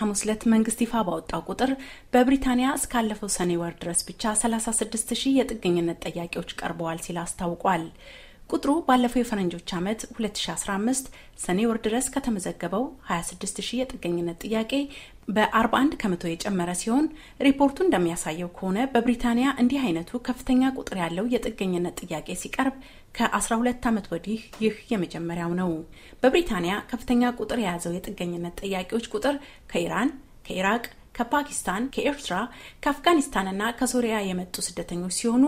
ሐሙስ ዕለት መንግስት ይፋ ባወጣው ቁጥር በብሪታንያ እስካለፈው ሰኔ ወር ድረስ ብቻ 36 ሺህ የጥገኝነት ጠያቄዎች ቀርበዋል ሲል አስታውቋል። ቁጥሩ ባለፈው የፈረንጆች ዓመት 2015 ሰኔ ወር ድረስ ከተመዘገበው 26000 የጥገኝነት ጥያቄ በ41 ከመቶ የጨመረ ሲሆን ሪፖርቱ እንደሚያሳየው ከሆነ በብሪታንያ እንዲህ አይነቱ ከፍተኛ ቁጥር ያለው የጥገኝነት ጥያቄ ሲቀርብ ከ12 ዓመት ወዲህ ይህ የመጀመሪያው ነው። በብሪታንያ ከፍተኛ ቁጥር የያዘው የጥገኝነት ጥያቄዎች ቁጥር ከኢራን፣ ከኢራቅ፣ ከፓኪስታን፣ ከኤርትራ፣ ከአፍጋኒስታንና ከሶሪያ የመጡ ስደተኞች ሲሆኑ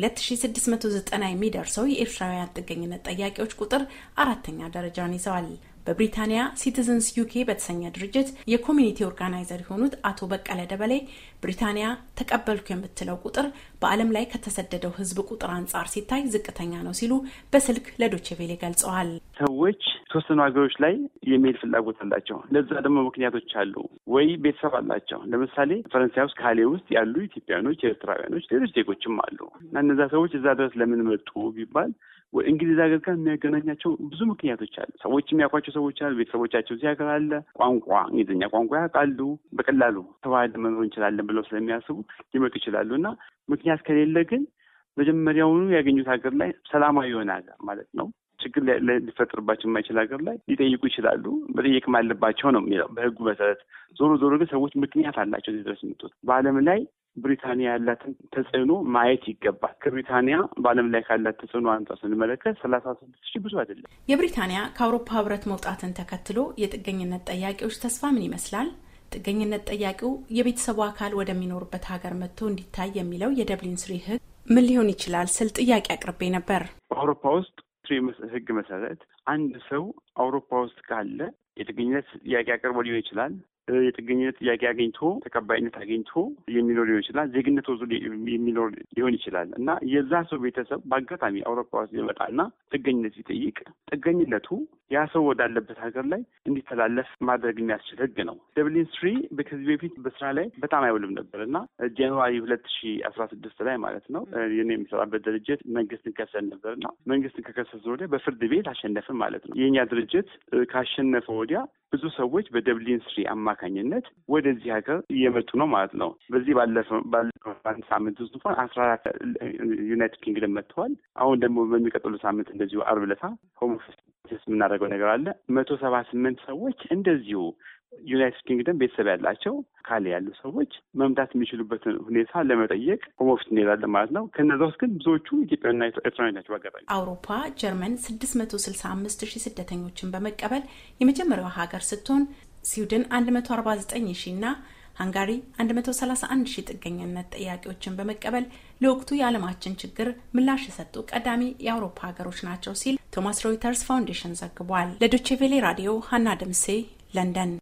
2690 የሚደርሰው የኤርትራውያን ጥገኝነት ጠያቂዎች ቁጥር አራተኛ ደረጃን ይዘዋል። በብሪታንያ ሲቲዝንስ ዩኬ በተሰኘ ድርጅት የኮሚኒቲ ኦርጋናይዘር የሆኑት አቶ በቀለ ደበሌ ብሪታንያ ተቀበልኩ የምትለው ቁጥር በዓለም ላይ ከተሰደደው ሕዝብ ቁጥር አንጻር ሲታይ ዝቅተኛ ነው ሲሉ በስልክ ለዶቼቬሌ ገልጸዋል። ሰዎች የተወሰኑ ሀገሮች ላይ የመሄድ ፍላጎት አላቸው። ለዛ ደግሞ ምክንያቶች አሉ። ወይ ቤተሰብ አላቸው። ለምሳሌ ፈረንሳይ ውስጥ ካሌ ውስጥ ያሉ ኢትዮጵያኖች፣ ኤርትራውያኖች፣ ሌሎች ዜጎችም አሉ እና እነዛ ሰዎች እዛ ድረስ ለምን መጡ ቢባል እንግሊዝ ሀገር ጋር የሚያገናኛቸው ብዙ ምክንያቶች አሉ። ሰዎች የሚያውቋቸው ቤተሰቦች አሉ። ቤተሰቦቻቸው እዚህ ሀገር አለ። ቋንቋ እንግሊዝኛ ቋንቋ ያውቃሉ። በቀላሉ ተዋህደን መኖር እንችላለን ብለው ስለሚያስቡ ሊመጡ ይችላሉ እና ምክንያት ከሌለ ግን መጀመሪያውኑ ያገኙት ሀገር ላይ ሰላማዊ የሆነ ሀገር ማለት ነው ችግር ሊፈጥርባቸው የማይችል ሀገር ላይ ሊጠይቁ ይችላሉ። መጠየቅም አለባቸው ነው የሚለው በህጉ መሰረት። ዞሮ ዞሮ ግን ሰዎች ምክንያት አላቸው እዚህ ድረስ የምጡት በአለም ላይ ብሪታንያ ያላትን ተጽዕኖ ማየት ይገባል። ከብሪታንያ በዓለም ላይ ካላት ተጽዕኖ አንጻር ስንመለከት ሰላሳ ስድስት ሺህ ብዙ አይደለም። የብሪታንያ ከአውሮፓ ህብረት መውጣትን ተከትሎ የጥገኝነት ጠያቂዎች ተስፋ ምን ይመስላል? ጥገኝነት ጠያቂው የቤተሰቡ አካል ወደሚኖርበት ሀገር መጥቶ እንዲታይ የሚለው የደብሊን ስሪ ህግ ምን ሊሆን ይችላል ስል ጥያቄ አቅርቤ ነበር። በአውሮፓ ውስጥ ስሪ ህግ መሰረት አንድ ሰው አውሮፓ ውስጥ ካለ የጥገኝነት ጥያቄ አቅርቦ ሊሆን ይችላል የጥገኝነት ጥያቄ አግኝቶ ተቀባይነት አግኝቶ የሚኖር ሊሆን ይችላል። ዜግነት ወዞ የሚኖር ሊሆን ይችላል እና የዛ ሰው ቤተሰብ በአጋጣሚ አውሮፓ ውስጥ ይመጣና ጥገኝነት ሲጠይቅ ጥገኝነቱ ያ ሰው ወዳለበት ሀገር ላይ እንዲተላለፍ ማድረግ የሚያስችል ህግ ነው። ደብሊን ስሪ ከዚህ በፊት በስራ ላይ በጣም አይውልም ነበር እና ጃንዋሪ ሁለት ሺ አስራ ስድስት ላይ ማለት ነው የኔ የሚሰራበት ድርጅት መንግስትን ከሰን ነበር እና መንግስትን ከከሰስ ወዲያ በፍርድ ቤት አሸነፍን ማለት ነው። የእኛ ድርጅት ካሸነፈ ወዲያ ብዙ ሰዎች በደብሊን ስሪ አማካኝነት ወደዚህ ሀገር እየመጡ ነው ማለት ነው። በዚህ ባለፈው ሳምንት ውስጥ እንኳን አስራ አራት ዩናይትድ ኪንግደም መጥተዋል። አሁን ደግሞ በሚቀጥሉ ሳምንት እንደዚሁ አርብ ዕለት ሆም ኦፊስ የምናደርገው ነገር አለ። መቶ ሰባ ስምንት ሰዎች እንደዚሁ ዩናይትድ ኪንግደም ቤተሰብ ያላቸው ካሌ ያሉ ሰዎች መምታት የሚችሉበትን ሁኔታ ለመጠየቅ ሆም ኦፊስ እንሄዳለን ማለት ነው። ከነዛ ውስጥ ግን ብዙዎቹ ኢትዮጵያና ኤርትራዊ ናቸው። በአጋጣሚ አውሮፓ ጀርመን ስድስት መቶ ስልሳ አምስት ሺህ ስደተኞችን በመቀበል የመጀመሪያው ሀገር ስትሆን ስዊድን ዘጠኝ ሺህ እና ሃንጋሪ 131 ሺህ ጥገኝነት ጥያቄዎችን በመቀበል ለወቅቱ የዓለማችን ችግር ምላሽ የሰጡ ቀዳሚ የአውሮፓ ሀገሮች ናቸው ሲል ቶማስ ሮይተርስ ፋውንዴሽን ዘግቧል። ለዶቼ ራዲዮ ሀና ደምሴ ለንደን